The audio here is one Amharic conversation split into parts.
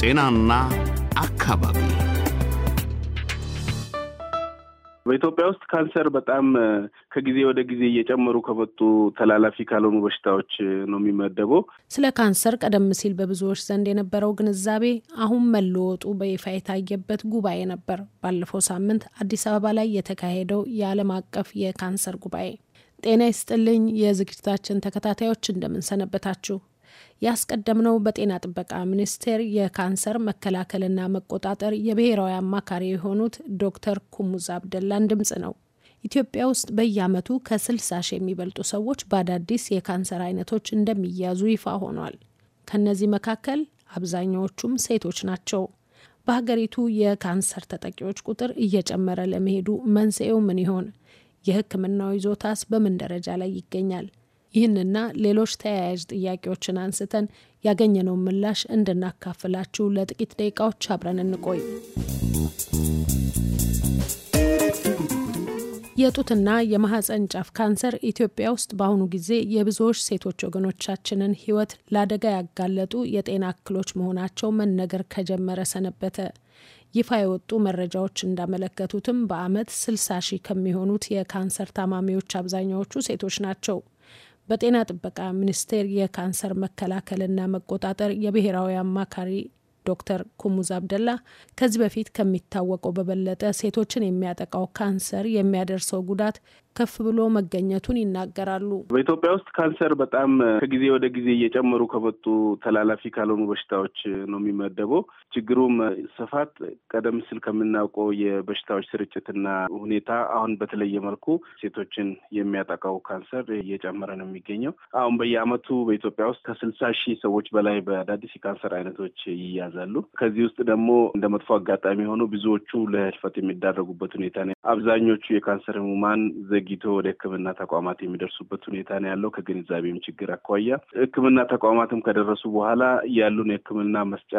ጤናና አካባቢ በኢትዮጵያ ውስጥ ካንሰር በጣም ከጊዜ ወደ ጊዜ እየጨመሩ ከመጡ ተላላፊ ካልሆኑ በሽታዎች ነው የሚመደበው። ስለ ካንሰር ቀደም ሲል በብዙዎች ዘንድ የነበረው ግንዛቤ አሁን መለወጡ በይፋ የታየበት ጉባኤ ነበር፣ ባለፈው ሳምንት አዲስ አበባ ላይ የተካሄደው የዓለም አቀፍ የካንሰር ጉባኤ። ጤና ይስጥልኝ የዝግጅታችን ተከታታዮች እንደምንሰነበታችሁ። ያስቀደምነው በጤና ጥበቃ ሚኒስቴር የካንሰር መከላከልና መቆጣጠር የብሔራዊ አማካሪ የሆኑት ዶክተር ኩሙዝ አብደላን ድምፅ ነው። ኢትዮጵያ ውስጥ በየዓመቱ ከ60 ሺህ የሚበልጡ ሰዎች በአዳዲስ የካንሰር አይነቶች እንደሚያዙ ይፋ ሆኗል። ከእነዚህ መካከል አብዛኛዎቹም ሴቶች ናቸው። በሀገሪቱ የካንሰር ተጠቂዎች ቁጥር እየጨመረ ለመሄዱ መንስኤው ምን ይሆን? የህክምናው ይዞታስ በምን ደረጃ ላይ ይገኛል? ይህንና ሌሎች ተያያዥ ጥያቄዎችን አንስተን ያገኘነውን ምላሽ እንድናካፍላችሁ ለጥቂት ደቂቃዎች አብረን እንቆይ። የጡትና የማህፀን ጫፍ ካንሰር ኢትዮጵያ ውስጥ በአሁኑ ጊዜ የብዙዎች ሴቶች ወገኖቻችንን ህይወት ለአደጋ ያጋለጡ የጤና እክሎች መሆናቸው መነገር ከጀመረ ሰነበተ። ይፋ የወጡ መረጃዎች እንዳመለከቱትም በአመት 60 ሺህ ከሚሆኑት የካንሰር ታማሚዎች አብዛኛዎቹ ሴቶች ናቸው። በጤና ጥበቃ ሚኒስቴር የካንሰር መከላከልና መቆጣጠር የብሔራዊ አማካሪ ዶክተር ኩሙዝ አብደላ ከዚህ በፊት ከሚታወቀው በበለጠ ሴቶችን የሚያጠቃው ካንሰር የሚያደርሰው ጉዳት ከፍ ብሎ መገኘቱን ይናገራሉ። በኢትዮጵያ ውስጥ ካንሰር በጣም ከጊዜ ወደ ጊዜ እየጨመሩ ከመጡ ተላላፊ ካልሆኑ በሽታዎች ነው የሚመደበው። ችግሩም ስፋት ቀደም ሲል ከምናውቀው የበሽታዎች ስርጭትና ሁኔታ አሁን በተለየ መልኩ ሴቶችን የሚያጠቃው ካንሰር እየጨመረ ነው የሚገኘው። አሁን በየአመቱ በኢትዮጵያ ውስጥ ከስልሳ ሺህ ሰዎች በላይ በአዳዲስ የካንሰር አይነቶች ይያዛል። ይያዛሉ። ከዚህ ውስጥ ደግሞ እንደ መጥፎ አጋጣሚ የሆኑ ብዙዎቹ ለህልፈት የሚዳረጉበት ሁኔታ ነው። አብዛኞቹ የካንሰር ህሙማን ዘግይቶ ወደ ህክምና ተቋማት የሚደርሱበት ሁኔታ ነው ያለው። ከግንዛቤም ችግር አኳያ ህክምና ተቋማትም ከደረሱ በኋላ ያሉን የህክምና መስጫ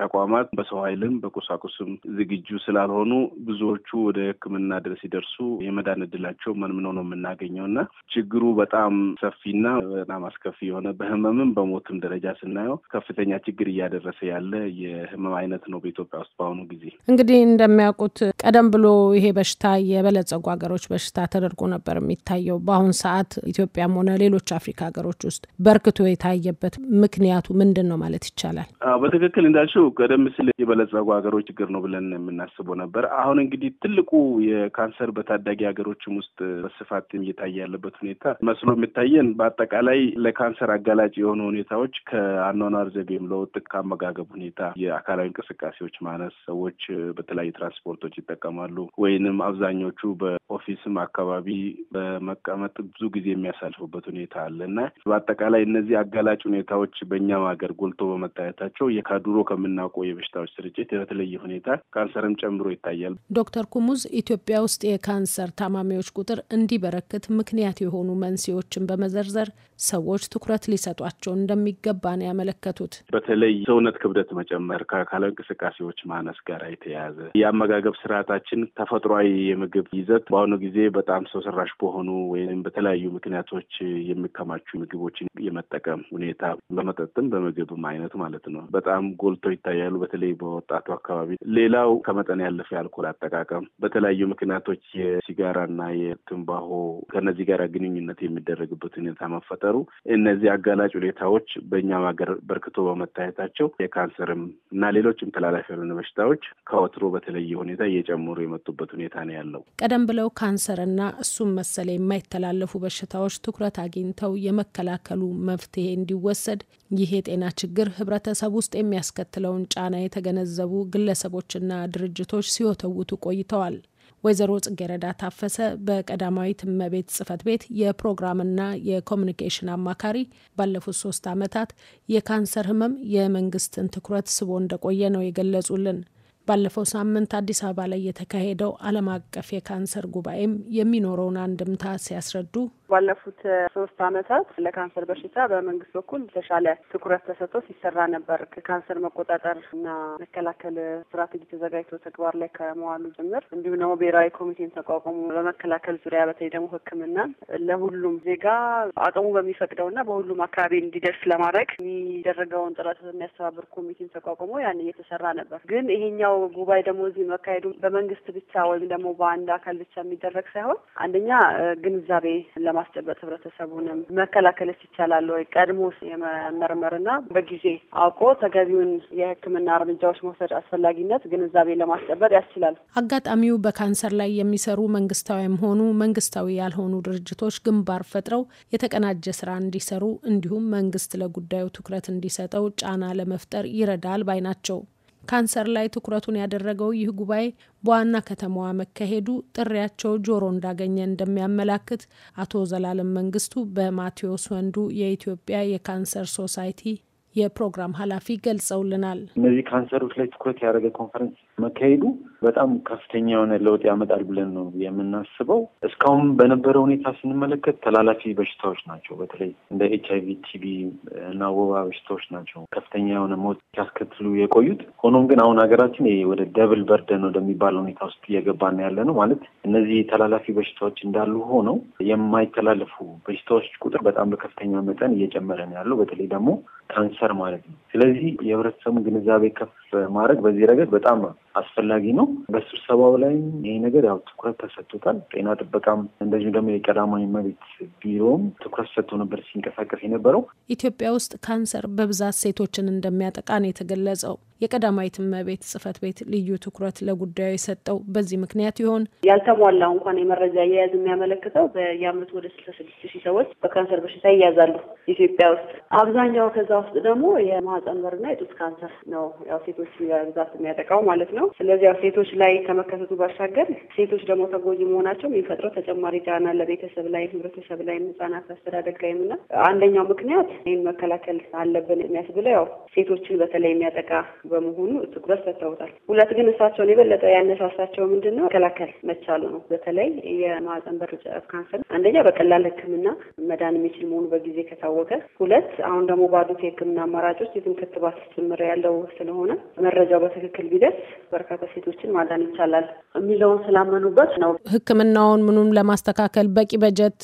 ተቋማት በሰው ኃይልም በቁሳቁስም ዝግጁ ስላልሆኑ ብዙዎቹ ወደ ህክምና ድረስ ሲደርሱ የመዳን እድላቸው መንምነው ነው የምናገኘው እና ችግሩ በጣም ሰፊና በጣም አስከፊ የሆነ በህመምም በሞትም ደረጃ ስናየው ከፍተኛ ችግር እያደረሰ ያለ የህመም አይነት ነው በኢትዮጵያ ውስጥ በአሁኑ ጊዜ። እንግዲህ እንደሚያውቁት ቀደም ብሎ ይሄ በሽታ የበለጸጉ ሀገሮች በሽታ ተደርጎ ነበር የሚታየው። በአሁን ሰዓት ኢትዮጵያም ሆነ ሌሎች አፍሪካ ሀገሮች ውስጥ በርክቶ የታየበት ምክንያቱ ምንድን ነው ማለት ይቻላል? በትክክል እንዳልሽው ቀደም ሲል የበለጸጉ ሀገሮች ችግር ነው ብለን የምናስበው ነበር። አሁን እንግዲህ ትልቁ የካንሰር በታዳጊ ሀገሮችም ውስጥ በስፋት እየታየ ያለበት ሁኔታ መስሎ የሚታየን በአጠቃላይ ለካንሰር አጋላጭ የሆኑ ሁኔታዎች ከአኗኗር ዘይቤም ለውጥ፣ ከአመጋገብ ሁኔታ ሁኔታ የአካላዊ እንቅስቃሴዎች ማነስ ሰዎች በተለያዩ ትራንስፖርቶች ይጠቀማሉ፣ ወይንም አብዛኞቹ በኦፊስም አካባቢ በመቀመጥ ብዙ ጊዜ የሚያሳልፉበት ሁኔታ አለ እና በአጠቃላይ እነዚህ አጋላጭ ሁኔታዎች በእኛም ሀገር ጎልቶ በመታየታቸው ከድሮ ከምናውቀው የበሽታዎች ስርጭት በተለየ ሁኔታ ካንሰርም ጨምሮ ይታያል። ዶክተር ኩሙዝ ኢትዮጵያ ውስጥ የካንሰር ታማሚዎች ቁጥር እንዲበረክት ምክንያት የሆኑ መንስኤዎችን በመዘርዘር ሰዎች ትኩረት ሊሰጧቸው እንደሚገባ ነው ያመለከቱት። በተለይ ሰውነት ክብደት መ መጨመር ከአካላዊ እንቅስቃሴዎች ማነስ ጋር የተያያዘ የአመጋገብ ስርዓታችን ተፈጥሯዊ የምግብ ይዘት በአሁኑ ጊዜ በጣም ሰው ሰራሽ በሆኑ ወይም በተለያዩ ምክንያቶች የሚከማቹ ምግቦችን የመጠቀም ሁኔታ በመጠጥም በምግብም አይነት ማለት ነው በጣም ጎልቶ ይታያሉ፣ በተለይ በወጣቱ አካባቢ። ሌላው ከመጠን ያለፈ የአልኮል አጠቃቀም በተለያዩ ምክንያቶች የሲጋራና የትንባሆ ከነዚህ ጋር ግንኙነት የሚደረግበት ሁኔታ መፈጠሩ እነዚህ አጋላጭ ሁኔታዎች በእኛም ሀገር በርክቶ በመታየታቸው የካንሰር እና ሌሎችም ተላላፊ ያልሆነ በሽታዎች ከወትሮ በተለየ ሁኔታ እየጨመሩ የመጡበት ሁኔታ ነው ያለው። ቀደም ብለው ካንሰርና እሱም መሰለ የማይተላለፉ በሽታዎች ትኩረት አግኝተው የመከላከሉ መፍትሄ እንዲወሰድ ይህ የጤና ችግር ህብረተሰብ ውስጥ የሚያስከትለውን ጫና የተገነዘቡ ግለሰቦችና ድርጅቶች ሲወተውቱ ቆይተዋል። ወይዘሮ ጽጌረዳ ታፈሰ በቀዳማዊት እመቤት ጽህፈት ቤት የፕሮግራምና የኮሚኒኬሽን አማካሪ ባለፉት ሶስት ዓመታት የካንሰር ህመም የመንግስትን ትኩረት ስቦ እንደቆየ ነው የገለጹልን። ባለፈው ሳምንት አዲስ አበባ ላይ የተካሄደው ዓለም አቀፍ የካንሰር ጉባኤም የሚኖረውን አንድምታ ሲያስረዱ ባለፉት ሶስት አመታት ለካንሰር በሽታ በመንግስት በኩል የተሻለ ትኩረት ተሰጥቶ ሲሰራ ነበር። ከካንሰር መቆጣጠር እና መከላከል ስትራቴጂ ተዘጋጅቶ ተግባር ላይ ከመዋሉ ጭምር እንዲሁም ደግሞ ብሔራዊ ኮሚቴን ተቋቁሞ በመከላከል ዙሪያ በተለይ ደግሞ ሕክምና ለሁሉም ዜጋ አቅሙ በሚፈቅደው እና በሁሉም አካባቢ እንዲደርስ ለማድረግ የሚደረገውን ጥረት የሚያስተባብር ኮሚቴን ተቋቁሞ ያን እየተሰራ ነበር። ግን ይሄኛው ጉባኤ ደግሞ እዚህ መካሄዱ በመንግስት ብቻ ወይም ደግሞ በአንድ አካል ብቻ የሚደረግ ሳይሆን አንደኛ ግንዛቤ ለማ በማስጨበጥ ህብረተሰቡንም መከላከልስ ይቻላል ወይ ቀድሞ የመመርመርና በጊዜ አውቆ ተገቢውን የህክምና እርምጃዎች መውሰድ አስፈላጊነት ግንዛቤ ለማስጨበጥ ያስችላል። አጋጣሚው በካንሰር ላይ የሚሰሩ መንግስታዊም ሆኑ መንግስታዊ ያልሆኑ ድርጅቶች ግንባር ፈጥረው የተቀናጀ ስራ እንዲሰሩ እንዲሁም መንግስት ለጉዳዩ ትኩረት እንዲሰጠው ጫና ለመፍጠር ይረዳል ባይ ናቸው። ካንሰር ላይ ትኩረቱን ያደረገው ይህ ጉባኤ በዋና ከተማዋ መካሄዱ ጥሪያቸው ጆሮ እንዳገኘ እንደሚያመላክት አቶ ዘላለም መንግስቱ በማቴዎስ ወንዱ የኢትዮጵያ የካንሰር ሶሳይቲ የፕሮግራም ኃላፊ ገልጸውልናል። እነዚህ ካንሰሮች ላይ ትኩረት ያደረገ ኮንፈረንስ መካሄዱ በጣም ከፍተኛ የሆነ ለውጥ ያመጣል ብለን ነው የምናስበው። እስካሁን በነበረ ሁኔታ ስንመለከት ተላላፊ በሽታዎች ናቸው። በተለይ እንደ ኤች አይቪ፣ ቲቪ እና ወባ በሽታዎች ናቸው ከፍተኛ የሆነ ሞት ሲያስከትሉ የቆዩት። ሆኖም ግን አሁን ሀገራችን ወደ ደብል በርደን ወደሚባል ሁኔታ ውስጥ እየገባን ያለ ነው። ማለት እነዚህ ተላላፊ በሽታዎች እንዳሉ ሆነው የማይተላለፉ በሽታዎች ቁጥር በጣም በከፍተኛ መጠን እየጨመረ ነው ያለው። በተለይ ደግሞ ካንሰር ማለት ነው። ስለዚህ የህብረተሰቡ ግንዛቤ ከፍ ማድረግ በዚህ ረገድ በጣም አስፈላጊ ነው። በስብሰባው ላይ ይህ ነገር ያው ትኩረት ተሰጥቶታል። ጤና ጥበቃም እንደዚሁም ደግሞ የቀዳማዊ እመቤት ቢሮም ትኩረት ሰጥቶ ነበር ሲንቀሳቀስ የነበረው። ኢትዮጵያ ውስጥ ካንሰር በብዛት ሴቶችን እንደሚያጠቃ ነው የተገለጸው። የቀዳማዊት እመቤት ጽህፈት ቤት ልዩ ትኩረት ለጉዳዩ የሰጠው በዚህ ምክንያት ይሆን? ያልተሟላ እንኳን የመረጃ አያያዝ የሚያመለክተው በየአመቱ ወደ ስልሳ ስድስት ሺህ ሰዎች በካንሰር በሽታ ይያዛሉ ኢትዮጵያ ውስጥ። አብዛኛው ከዛ ውስጥ ደግሞ የማህፀን በርና የጡት ካንሰር ነው፣ ያው ሴቶች ብዛት የሚያጠቃው ማለት ነው። ስለዚህ ያው ሴቶች ላይ ከመከሰቱ ባሻገር ሴቶች ደግሞ ተጎጂ መሆናቸው የሚፈጥረው ተጨማሪ ጫና ለቤተሰብ ላይ፣ ህብረተሰብ ላይ፣ ህጻናት አስተዳደግ ላይ ምና አንደኛው ምክንያት ይህን መከላከል አለብን የሚያስብለው ያው ሴቶችን በተለይ የሚያጠቃ በመሆኑ ትኩረት ሰጥተውታል። ሁለት ግን እሳቸውን የበለጠ ያነሳሳቸው ምንድን ነው መከላከል መቻሉ ነው። በተለይ የማህፀን በር ጨረፍ ካንሰር አንደኛ በቀላል ሕክምና መዳን የሚችል መሆኑ በጊዜ ከታወቀ፣ ሁለት አሁን ደግሞ ባሉት የሕክምና አማራጮች የትም ክትባት ጭምር ያለው ስለሆነ መረጃው በትክክል ቢደርስ በርካታ ሴቶችን ማዳን ይቻላል የሚለውን ስላመኑበት ነው። ሕክምናውን ምኑም ለማስተካከል በቂ በጀት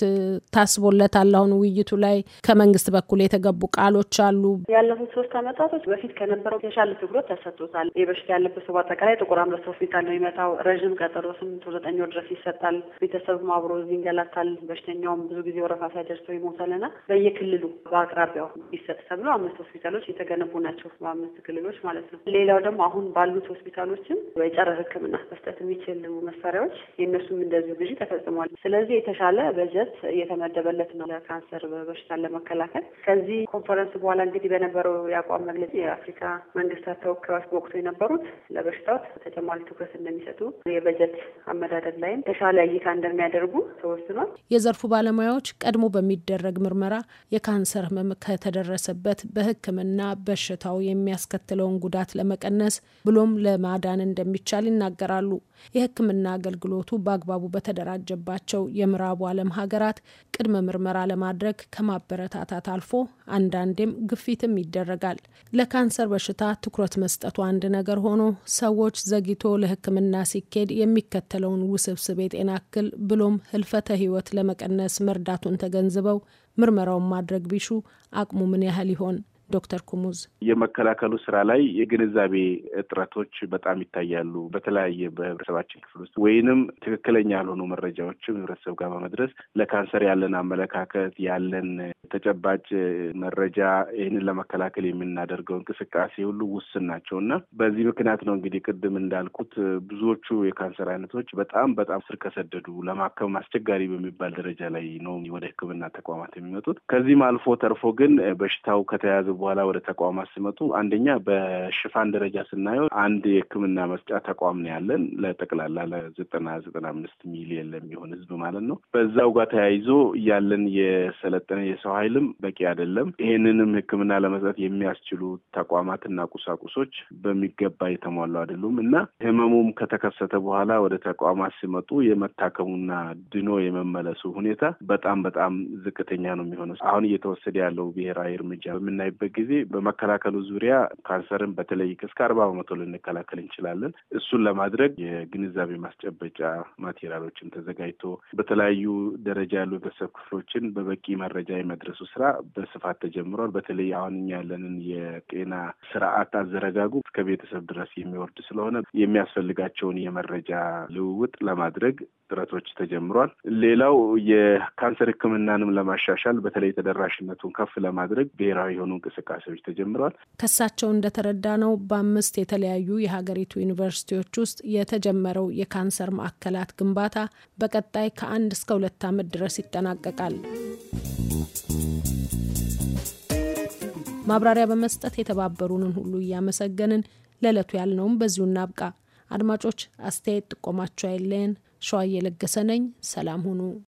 ታስቦለታል። አሁን ውይይቱ ላይ ከመንግስት በኩል የተገቡ ቃሎች አሉ። ያለፉት ሶስት አመታቶች በፊት ከነበረው የተሻለ አገልግሎት ተሰጥቶታል። ይህ በሽታ ያለበት ሰው በአጠቃላይ ጥቁር አንበሳ ሆስፒታል ነው የሚመጣው። ረዥም ቀጠሮ ስምንት ዘጠኝ ወር ድረስ ይሰጣል። ቤተሰብም አብሮ ይንገላታል። በሽተኛውም ብዙ ጊዜ ወረፋ ሳይደርሰው ይሞታልና በየክልሉ በአቅራቢያው ይሰጥ ተብሎ አምስት ሆስፒታሎች የተገነቡ ናቸው። በአምስት ክልሎች ማለት ነው። ሌላው ደግሞ አሁን ባሉት ሆስፒታሎችም የጨረ ሕክምና መስጠት የሚችል መሳሪያዎች የእነሱም እንደዚሁ ግዢ ተፈጽሟል። ስለዚህ የተሻለ በጀት እየተመደበለት ነው ለካንሰር በሽታን ለመከላከል። ከዚህ ኮንፈረንስ በኋላ እንግዲህ በነበረው የአቋም መግለጫ የአፍሪካ መንግስታት ተወካዮች በወቅቱ የነበሩት ለበሽታው ተጨማሪ ትኩረት እንደሚሰጡ፣ የበጀት አመዳደር ላይም ተሻለ እይታ እንደሚያደርጉ ተወስኗል። የዘርፉ ባለሙያዎች ቀድሞ በሚደረግ ምርመራ የካንሰር ህመም ከተደረሰበት በሕክምና በሽታው የሚያስከትለውን ጉዳት ለመቀነስ ብሎም ለማዳን እንደሚቻል ይናገራሉ። የሕክምና አገልግሎቱ በአግባቡ በተደራጀባቸው የምዕራቡ ዓለም ሀገራት ቅድመ ምርመራ ለማድረግ ከማበረታታት አልፎ አንዳንዴም ግፊትም ይደረጋል። ለካንሰር በሽታ ትኩረት መስጠቱ አንድ ነገር ሆኖ ሰዎች ዘግይቶ ለሕክምና ሲኬድ የሚከተለውን ውስብስብ የጤና እክል ብሎም ህልፈተ ህይወት ለመቀነስ መርዳቱን ተገንዝበው ምርመራውን ማድረግ ቢሹ አቅሙ ምን ያህል ይሆን? ዶክተር ኩሙዝ የመከላከሉ ስራ ላይ የግንዛቤ እጥረቶች በጣም ይታያሉ። በተለያየ በህብረተሰባችን ክፍል ውስጥ ወይንም ትክክለኛ ያልሆኑ መረጃዎችም ህብረተሰብ ጋር በመድረስ ለካንሰር ያለን አመለካከት ያለን ተጨባጭ መረጃ ይህንን ለመከላከል የምናደርገው እንቅስቃሴ ሁሉ ውስን ናቸው እና በዚህ ምክንያት ነው እንግዲህ ቅድም እንዳልኩት ብዙዎቹ የካንሰር አይነቶች በጣም በጣም ስር ከሰደዱ ለማከም አስቸጋሪ በሚባል ደረጃ ላይ ነው ወደ ህክምና ተቋማት የሚመጡት። ከዚህም አልፎ ተርፎ ግን በሽታው ከተያዘ በኋላ ወደ ተቋማት ሲመጡ አንደኛ በሽፋን ደረጃ ስናየው አንድ የሕክምና መስጫ ተቋም ነው ያለን ለጠቅላላ ለዘጠና ዘጠና አምስት ሚሊየን ለሚሆን ህዝብ ማለት ነው። በዛው ጋር ተያይዞ ያለን የሰለጠነ የሰው ኃይልም በቂ አይደለም። ይህንንም ሕክምና ለመስጠት የሚያስችሉ ተቋማትና ቁሳቁሶች በሚገባ የተሟሉ አይደሉም እና ህመሙም ከተከሰተ በኋላ ወደ ተቋማት ሲመጡ የመታከሙና ድኖ የመመለሱ ሁኔታ በጣም በጣም ዝቅተኛ ነው የሚሆነው። አሁን እየተወሰደ ያለው ብሔራዊ እርምጃ በምናይበት በምንሰራበት ጊዜ በመከላከሉ ዙሪያ ካንሰርን በተለይ እስከ አርባ በመቶ ልንከላከል እንችላለን። እሱን ለማድረግ የግንዛቤ ማስጨበጫ ማቴሪያሎችን ተዘጋጅቶ በተለያዩ ደረጃ ያሉ የህብረተሰብ ክፍሎችን በበቂ መረጃ የመድረሱ ስራ በስፋት ተጀምሯል። በተለይ አሁን እኛ ያለንን የጤና ስርዓት አዘረጋጉ እስከ ቤተሰብ ድረስ የሚወርድ ስለሆነ የሚያስፈልጋቸውን የመረጃ ልውውጥ ለማድረግ ጥረቶች ተጀምሯል። ሌላው የካንሰር ህክምናንም ለማሻሻል በተለይ ተደራሽነቱን ከፍ ለማድረግ ብሔራዊ የሆኑ እንቅስቃሴዎች ተጀምረዋል። ከሳቸው እንደተረዳ ነው በአምስት የተለያዩ የሀገሪቱ ዩኒቨርሲቲዎች ውስጥ የተጀመረው የካንሰር ማዕከላት ግንባታ በቀጣይ ከአንድ እስከ ሁለት ዓመት ድረስ ይጠናቀቃል። ማብራሪያ በመስጠት የተባበሩንን ሁሉ እያመሰገንን ለዕለቱ ያልነውም በዚሁ እናብቃ። አድማጮች አስተያየት ጥቆማቸው አይለየን። ሸዋ እየለገሰ ነኝ። ሰላም ሁኑ።